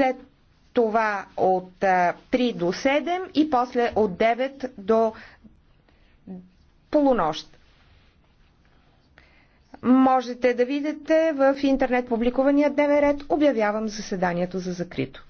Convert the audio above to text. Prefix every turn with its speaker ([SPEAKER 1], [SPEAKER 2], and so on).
[SPEAKER 1] след това от 3 до 7 и после от 9 до полунощ. Можете да видите в интернет публикувания дневен ред. Обявявам заседанието за закрито.